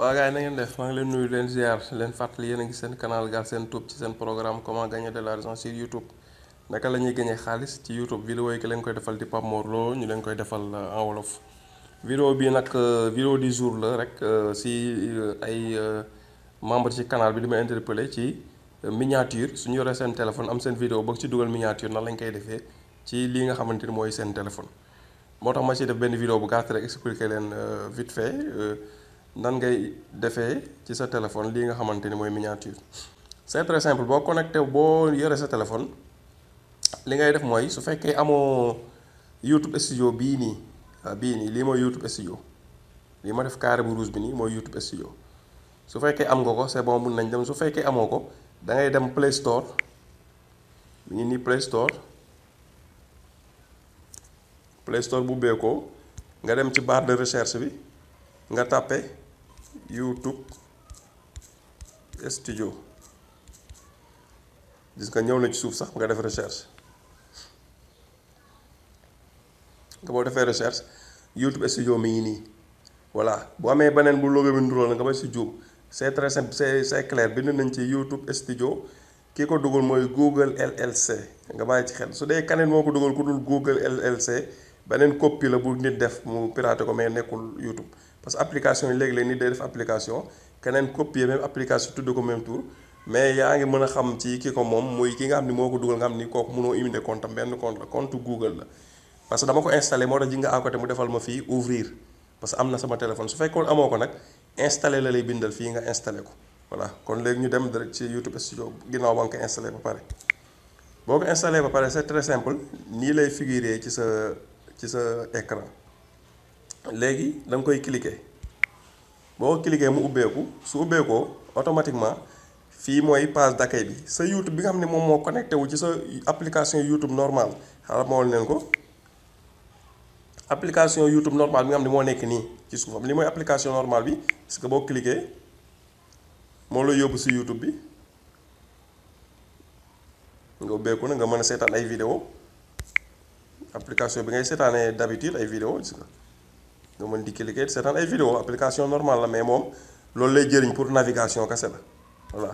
waa gars yi na ngeen def maa ngi leen nuyu leen ziar leen fàttali yéen a ngi seen canal Galsen Tube ci seen programme comment gagner de l'argent sur YouTube naka la ñuy gañee xaalis ci YouTube vidéo yi ki leen koy defal di Pape Mor Lo ñu leen koy defal euh, en wolof vidéo bi nag euh, vidéo di jour la rek euh, si ay membre ci canal bi li ma interpellé ci miniature suñu yoree seen téléphone am seen vidéo bëgg ci dugal miniature nan lañ koy defee ci lii nga xamante ni mooy seen téléphone moo tax ma ci benn vidéo bu gàtt rek expliqué leen vite fait nan ngay defee ci sa téléphone lii nga xamante ni mooy miniature c'est très simple boo connecté boo yëre sa téléphone li ngay def mooy su fekkee amoo YouTube studio bii nii ah, bii nii lii mooy YouTube studio lii ma def carré bu ruus bi nii mooy YouTube studio su fekkee am nga ko sebon bon mun nañ dem su fekkee amoo ko da ngay dem Play Store mi ngi nii Play Store Play Store bu beekoo nga dem ci barre de recherche bi nga tàppe youtube studio gis nga ñëw na ci suuf sax nga def recherche nga boo defee recherche youtube studio mi ngi nii voilà bu amee beneen bu logo bi la nga bay si juub c'est très simple c'est bind nañ ci youtube studio kii ko dugal mooy google llc nga bàyyi ci xel su dee kaneen moo ko dugal ku dul google llc beneen copie la bu nit def mu piraté ko mais nekkul youtube parce que application yi léegi-léeg nit day def application keneen copier même application tudd ko même tour mais yaa ngi mën a xam ci ki ko moom muy ki nga xam ni moo ko dugal nga am ni kooku mënoo imiter compte am benn compte la compte Google la parce que dama ko installé moo tax ji nga à côté mu defal ma fii ouvrir parce que am na sama téléphone su fekkoon amoo ko nag installé la lay bindal fii nga installé ko voilà kon léegi ñu dem direct ci YouTube studio ginnaaw ba boo ko installé ba pare c'est très simple nii lay figurer ci sa ci sa écran léegi danga koy cliquer boo cliquer mu ubbeeku su ubbeekoo automatiquement fii mooy page d'accueil bi sa YouTube bi nga xam ne moom moo connecté wu ci sa application YouTube normal xaaral ma ko application YouTube normale bi nga ne moo nekk nii ci suufam li mooy application normale bi parce que boo cliquer moo la yóbbu si YouTube bi nga ubbeeku na nga mën a seetaan ay vidéo application bi ngay seetaanee d'habitude ay vidéo gis nga mën di cliquer seetaan ay vidéo application normale la mais moom loolu lay jëriñ pour navigation kese la voilà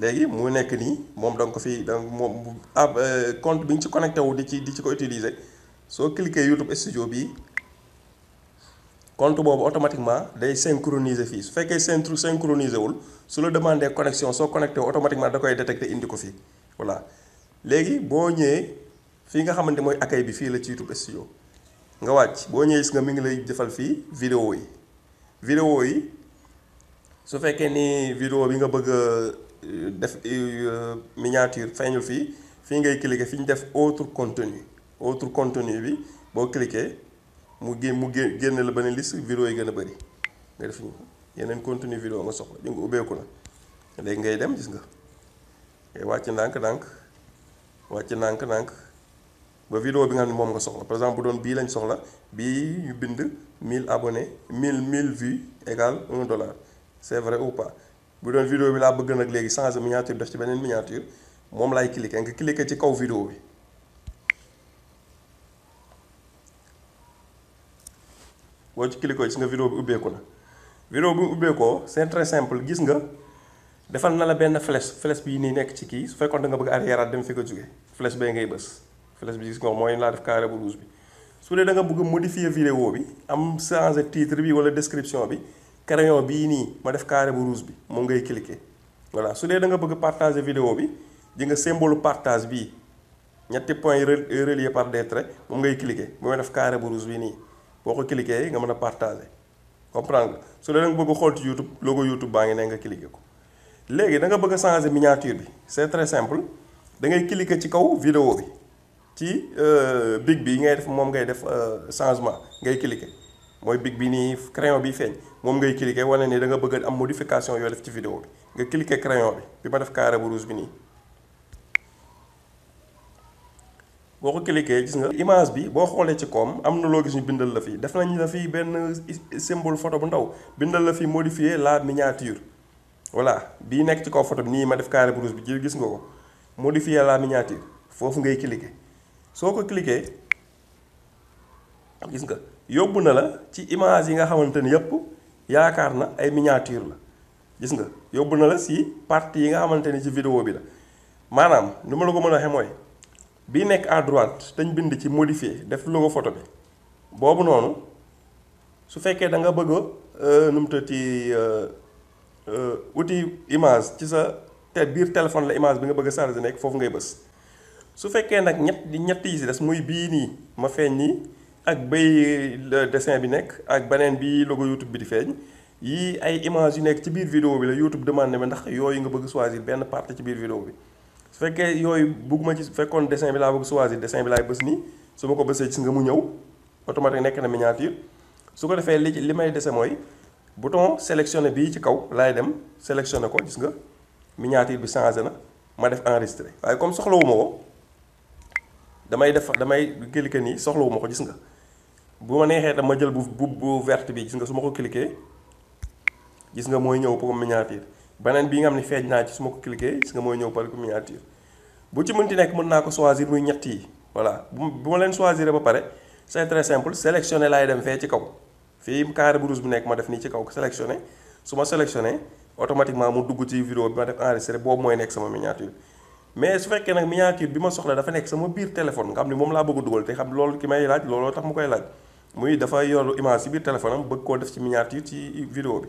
léegi mu nekk nii moom da nga ko fi donc moom ab ah, euh, compte bi ñu ci connecté wu di ci di ci ko utiliser soo cliquer YouTube studio bi compte boobu automatiquement day synchroniser fii su fekkee synchro synchroniser wul su la demandé connexion soo connecté wu automatiquement da koy détecté indi ko fii voilà léegi boo ñëwee fii nga xamante mooy accueil bi fii la ci YouTube nga wàcc boo ñëwee gis nga mi ngi lay defal fii vidéo yi vidéo yi su fekkee ni vidéo bi nga bëgg a euh, def euh, miniature feeñu fii fii ngay cliquer fi ñu def autre contenu autre contenu bi boo clique mu gé mu génn la beneen liste vidéo yi gën a bëri nga def yeneen contenu vidéo nga soxla di nga ubbeeku na léegi ngay dem gis nga ngay wàcc ndànk-ndànk wàcc ndànk-ndànk ba vidéo bi nga xam moom nga soxla par exemple bu doon bii lañ soxla bii ñu bind 1000 abonnés 1000 1000 vues égale 1 dollar c'est vrai bu doon vidéo bi laa bëgg nag léegi changer miniature def ci beneen miniature moom laay cliquer nga cliquer ci kaw vidéo bi boo ci cliquer gis nga vidéo bi ubbeeku na vidéo bi ubbeekoo c'est très simple gis nga defal na la benn flèche flèche bii nii nekk ci kii su fekkoon da nga bëgg arrière dem fi nga jóge flèche bee ngay bës flèche bi gis nga mooy laa def carré bu rouge bi su dee da nga bëgg modifier vidéo bi am changer titre bi wala description bi crayon bii nii ma def carré bu rouge bi moom ngay cliquer voilà su dee da nga bëgg partager vidéo bi di nga symbole partage bi ñetti point relié par des traits moom ngay cliquer bu may def carré bu rouge bi nii boo ko cliquer nga mën a partager comprendre su dee da nga bëgg xool ci YouTube logo YouTube baa ngi ne nga cliquer ko léegi da nga bëgg a changer miniature bi c'est très simple da ngay cliquer ci kaw vidéo bi ci euh, big bi ngay def moom ngay def euh, changement ngay cliquer mooy big bi nii crayon bi feeñ moom ngay cliquer wane nii danga nga bëgg am modification yoo def ci vidéo bi nga cliquer crayon bi bi ma def carré bu bi nii boo ko gis nga image bi boo xoolee ci koom am na loo gis bindal la fii def nañ la fii benn symbole photo bu ndaw bindal la fii modifier la miniature voilà bii nekk ci kaw photo nii ma def carré bu bi ji gis nga ko modifier la miniature foofu ngay cliquer soo ko cliquer gis nga yóbbu na la ci image yi nga xamante ni yëpp yaakaar na ay miniature la gis nga yóbbu na la si partie yi nga xamante ni ci vidéo bi la maanaam nu ma la ko mën a waxee mooy bii nekk à droite dañ bind ci modifier def logo photo bi boobu noonu su fekkee da nga bëgg euh, nu mu tëddee euh, euh, outil image ci sa te biir téléphone la image bi nga bëgg a chargé nekk foofu ngay bës. su fekkee nag ñett di ñett yi si des muy bii nii ma feeñ nii ak bay dessin bi nekk ak beneen bi logo YouTube bi di feeñ yii ay image yu nekk ci biir vidéo bi la YouTube demande ma ndax yooyu nga bëgg choisir benn partie ci biir vidéo bi su fekkee yooyu bëgguma ci fekkoon dessin bi laa bëgg choisir dessin bi laay bës nii su ma ko bësee gis nga mu ñëw automatique nekk na miniature su ko defee li li may dese mooy bouton sélectionné bii ci kaw laay dem sélectionné ko gis nga bi changé na ma def enregistré waaye comme soxlawuma ko damay def damay cliquer nii soxlawu ma ko gis nga bu ma neexee dama jël bu bu bu verte bi gis nga su ma ko cliquer gis nga mooy ñëw pour miniature beneen bii nga xam ne feeñ naa ci su ma ko cliquer gis nga mooy ñëw pour miniature bu ci mënti nekk mën naa ko choisir muy ñett yi voilà bu ma leen choisir ba pare c'est très simple sélectionner laay dem fee ci kaw fii carré bu rouge bi nekk ma def nii ci kaw sélectionner su ma sélectionner automatiquement mu dugg ci vidéo bi ma def enregistrer boobu mooy nekk sama miniature. mais su fekkee nag miniature bi ma soxla dafa nekk sama biir téléphone nga xam ne moom laa bëgg a dugal te xam loolu ki may laaj looloo tax mu koy laaj muy dafa yor image ci biir téléphone am bëgg koo def ci miniature ci vidéo bi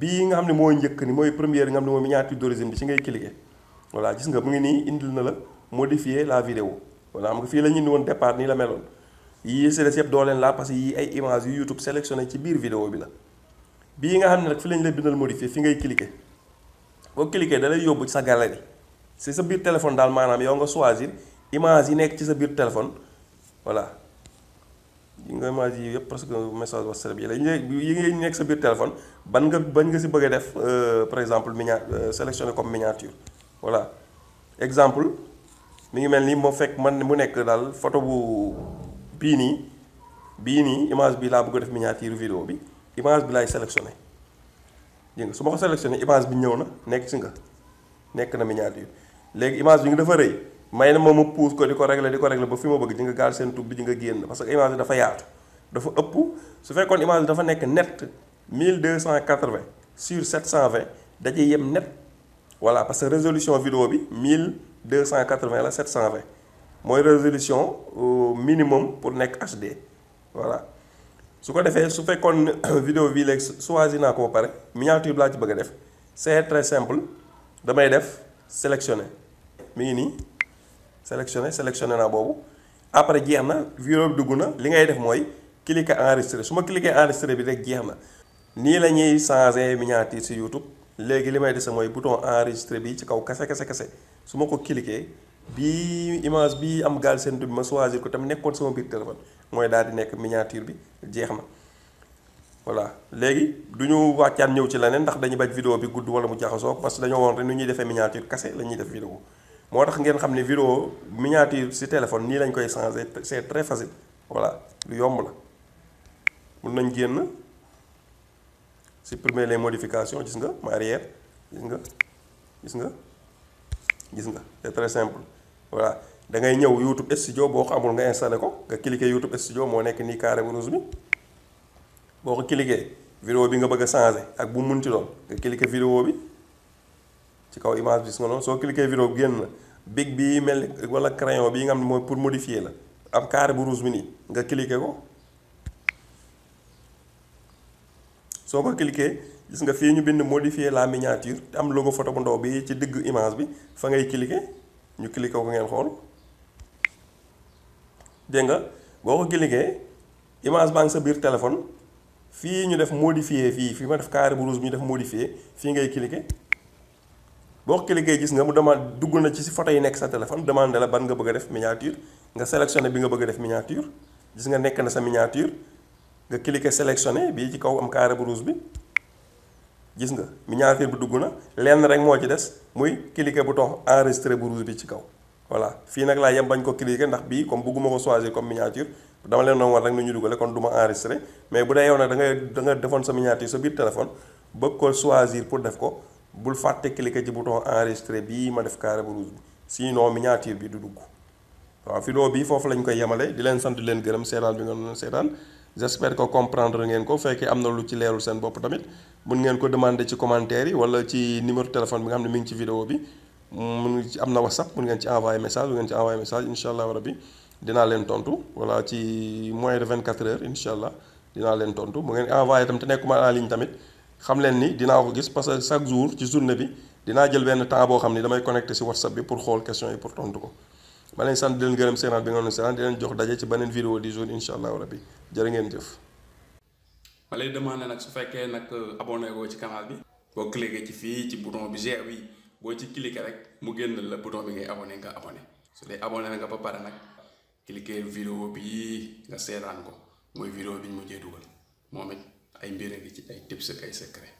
bii nga xam ne mooy njëkk ni mooy première nga xam ne mooy miniature d'origine bi ci ngay cliquer voilà gis nga mu ngi nii indil na la modifier la vidéo voilà xam nga fii la ñu indi woon départ nii la meloon yii si des yëpp doo leen parce que image yu YouTube ci biir vidéo bi la bii nga xam ne nag fi lañ la bindal modifier fi ngay cliquer boo cliquer da yóbbu ci sa galerie si sa biir téléphone daal maanaam yow nga choisir image yi nekk ci sa biir téléphone voilà yi nga image yi yëpp parce que message WhatsApp yi la yi nekk sa biir téléphone ban nga bañ nga si bëgg a def euh, par exemple minia euh, sélectionné comme miniature voilà exemple mi ngi mel ni moo fekk man mu nekk daal photo bu bii nii bii nii image bi laa bëgg a def miniature vidéo bi image bi laay sélectionné dégg nga su ma ko sélectionné image bi ñëw na nekk si nga nekk na miniature léegi image bi ngi dafa rëy may na moom mu puus ko di ko régler di ko régler ba fi ma bëgg di nga gaal seen tub bi di nga génn parce que image bi dafa yaatu dafa ëpp su fekkoon image bi dafa nekk net 1280 sur 720 dajee yem net voilà parce que résolution vidéo bi deux cent 1280 la 720 mooy résolution euh, minimum pour nekk HD voilà su ko defee su fekkoon vidéo bii léegi choisir naa ko ba pare miniature bi laaj bëgg a def c'est très simple damay def sélectionner mi ngi nii sélectionner sélectionner naa boobu après jeex na viro dugg na li ngay def mooy cliquer enregistrer su ma cliquer enregistrer bi rek jeex na nii la ñuy changer miniature si YouTube léegi li may dese mooy bouton enregistrer bi ci kaw kese kese kese su ma ko cliquer bi image bii am Galsen Tube bi ma choisir ko tam nekkoon sama biir téléphone mooy daal di nekk miniature bi jeex na. voilà léegi du ñu wàccaat ñëw ci leneen ndax dañu bañ vidéo bi gudd wala mu jaxasoo parce que dañoo woon rek nu ñuy defee miniature kase la ñuy def vidéo moo tax ngeen xam ne vidéo miniature si téléphone nii lañ koy changer c'est très facile voilà lu yomb la mun nañ génn supprimer les modifications gis nga ma gis nga gis nga gis nga c'est très simple voilà da ngay ñëw YouTube Studio boo ko amul nga installé ko nga cliquer YouTube Studio moo nekk nii carré rouge bi boo ko cliquer vidéo bi nga bëgg a changé ak bu munti doon nga cliquer vidéo bi ci kaw image bi gis nga noonu soo cliquer vidéo bi génn na big bii mel wala crayon bi nga xam ne mooy pour modifier la am carré bu rouge bi nii nga cliquer ko ko cliquer gis nga fii ñu bind modifier la miniature te am logo photo bu ndaw bi ci diggu image bi fa ngay cliquer ñu cliquer ko ngeen xool dégg nga boo ko cliquer image baa ngi sa biir téléphone fii ñu def modifier fii fi ma def carré bu rouge bi ñu def modifier fii ngay cliquer boo cliquer gis nga mu demande dugg na ci si photo yi nekk sa téléphone demande la ban nga bëgg def miniature nga sélectionné bi nga bëgg a def miniature gis nga nekk na sa miniature nga cliquer sélectionné bii ci kaw am carré bu rouge bi gis nga miniature bi dugg na lenn rek moo ci des muy cliquer bouton enregistré bu rouge bi ci kaw voilà fii nag laa yem bañ ko cliquer ndax bii comme bëgguma ko choisir comme miniature dama leen doon war rek nu ñu dugale kon du ma enregistré mais bu dee yow nag da ngay da nga defoon sa miniature sa biir téléphone bëgg ko choisir pour def ko bul fàtte cliquer ci bouton enregistré bii ma def carré bu rouge bi sinon miniature bi du dugg waaw vidéo bi foofu lañ koy yemale di leen sant leen gërëm seetaan bi nga doon seetaan j'espère que comprendre ngeen ko fekkee am na lu ci leerul seen bopp tamit mun ngeen ko demande ci commentaire yi wala ci numéro téléphone bi ne mi ci vidéo bi mun na whatsapp mun ngeen ci envoyé message mun ngeen ci envoyé dinaa leen tontu voilà ci moins de 24 heures incha allah dinaa leen tontu bu ngeen envoyé tam te nekkuma en ligne tamit xam leen ni dinaa ko gis parce que chaque jour ci journée bi dinaa jël benn temps boo xam ni damay connecté si whatsapp bi pour xool question yi pour tontu ko. ma leen sant di leen gërëm seenaat bi nga doon seenaat di leen jox daje ci beneen vidéo du jour incha allah rabbi jërë ngeen jëf. ma lay demandé nag su fekkee nag euh, abonné goo ci canal bi. boo cliqué fii ci bouton bi G bi boo ci cliqué rek mu génn la bouton bi ngay abonné nga abonné su dee abonné nga ba pare nag. cliquer vidéo bi nga seetaan ko mooy vidéo bi ñu mujjee dugal moom ay mbir ngi ci ay tips ak ay secret